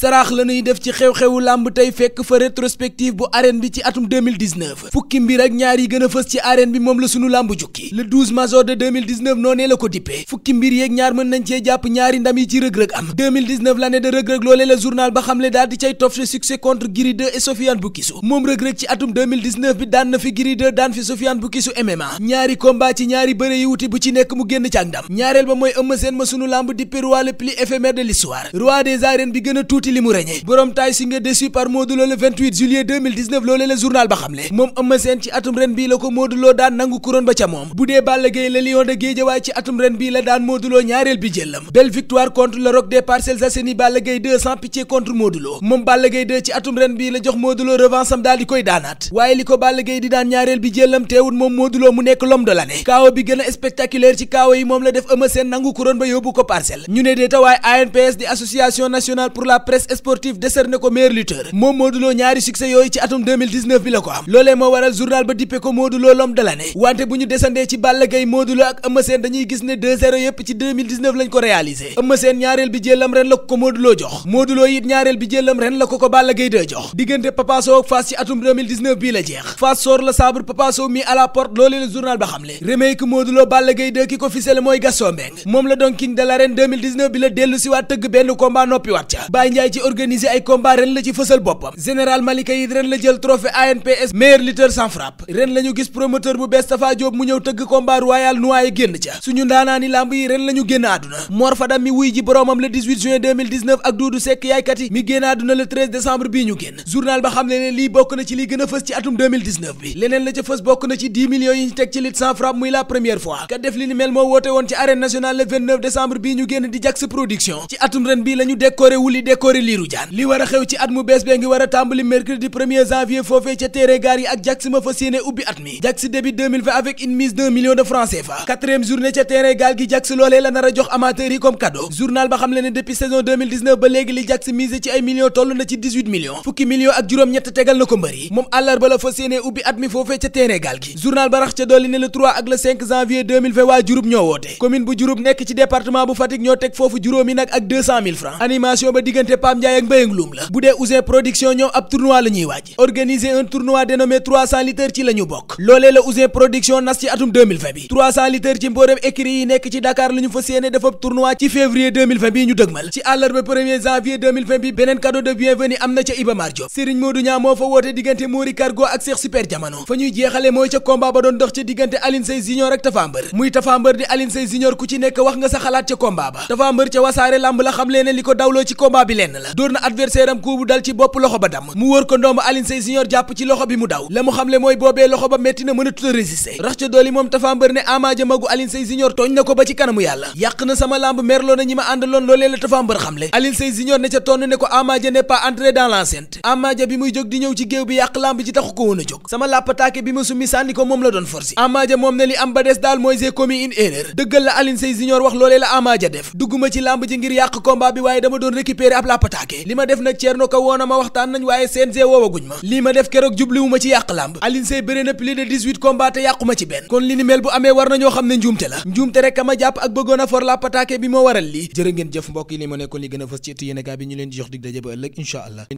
saraax la ñuy def ci xew-xewu làmb tey fekk fa rétrospective bu arène bi ci atum fukki mbir ak ñaar yi gën fës ci arène bi moom la sunu làmb jukki le noonee la ko dippee fukki mbir yeeg ñaar mën nañ cee jàpp ñaari ndam yi ci rëg-rëg am 2019 de rëg-rëg loolee la journal ba xamle daal di cay tof succès contre Gris 2 et Sofiane Boukisu moom rëg-rëg ci atum bi daan na fi Gris daan fi Sofiane Boukisu MMA ñaari combat ci ñaari bëre yi wuti bu ci nekk mu tuuti li mu reñe borom taay si nga déçu la journal ba xamle moom Eumeu Sène ci atum ren bii la ko Modou daan nangu couronne ba ca moom bu dee Balla Gaye lion de Guédiawaye ci atum ren bii la daan Modou ñaareel bi jëllam belle victoire contre le Roc des Parcelles Assainies Balla Gaye 2 contre Modou moom Balla Gaye 2 ci atum ren bii la jox Modou Lo revanche am di koy daanaat waaye li ko Balla Gaye di daan ñaareel bi jëllam teewul moom Modou mu nekk presse sportive décerné ko meilleur lutteur moom Modou ñaari succès yooyu ci atum bi la ko am loolee moo waral journal ba dippe ko Modou Lo l'homme de wante bu ñu desandee ci Balla Gaye Modou ak Eumeu Sène dañuy gis ne 2-0 yépp ci 2019 ko réalisé Eumeu Sène ñaareel bi jëlam ren la ko ko Modou jox Modou it ñaareel bi jëlam ren la ko ko Balla Gaye 2 jox diggante Papa ak Fass ci atum 2019 la jeex Fass soor la sabre Papa mi à porte loolee la journal Ndiaye ci organiser ay combat ren la ci fësal boppam général Malika yi ren la jël trophée ANPS meilleur lutteur sans frappe ren la gis promoteur bu bees Tafa Diop mu ñëw tëgg combat royal noyé génn ca suñu ndaanaani lamb yi ren la génn àdduna Mor mi wuy ji boromam le juin ak Doudou Seck yaaykat mi génn àdduna le 13 décembre bii ñu génn journal ba xam ne bokk na ci li gën fës ci atum bi leneen la ca fës bokk na ci 10 yi ñu teg ci lutte sans frappe favori li war a xew ci at mu bees bee ngi war a tàmbali mercredi 1 janvier foofee ca téere gaar yi ak jax ma fas ca téere gaal gi jax loolee la nar a jox amateurs yi comme cadeau journal ba xam le ne depuis saison ba léegi li jax mise ci ay millions toll na ci 18 fukki millions ak juróom ñett tegal na ko mbër yi moom àllarba la fas yéene ubbi at mi foofee ca téere gaal gi journal ba rax ca dolli ne le ak le janvier waa Diouroup ñoo woote commune Pape Ndiaye ak Mbayang la bu dee Production ñoom ab tournoi la ñuy waaj organiser un tournoi dénommé 300 litres ci la bokk loolee la Production nas ci atum 2020 bi 300 litres ci mboolem écuries yi nekk ci Dakar la ñu fas yéene def ci février 2020 ñu dëgmal ci àllarba 1er bi beneen cadeau de bienvenue am na ca Iba Mar Diop Serigne Modou Niang moo fa woote diggante Mori Cargo ak Cheikh Super Diamano fa ñuy jeexale mooy lenn na adversaire am dal ci bopp loxo ba damm mu wër ko ndomb Alioune Seye Junior jàpp ci loxo bi mu daw la mu xam mooy boobee loxo ba metti na mënatut a résister rax ca dooli moom Tapha Mbeur ne Ama magu Alioune Seye Junior tooñ na ko ba ci kanamu yàlla yàq na sama lamb merloo na ñi ma àndaloon loolee la Tapha Mbeur xam le Alioune Seye ne ca tonn ne ko Ama Dia n'est dans l'enceinte Ama bi muy jóg di ñëw ci géew bi yàq lamb ji taxu ko woon laa li ma def nag Thierno Ka woona ma waxtaan nañ waaye CNG woowaguñ ma lii ma def keroog jubliwu ma ci yàq làmb Alioune Seye bëre na plus de 18 combat te yàqu ci benn kon li ni mel bu amee war nañoo xam ne njuumte la njuumte rek ka ma jàpp ak bëggoon a for laa bi moo waral lii jërë jëf mbokk yi ma nekkoon li gën a fës ci ëtt yéen bi ñu leen jox dig daje ëllëg incha allah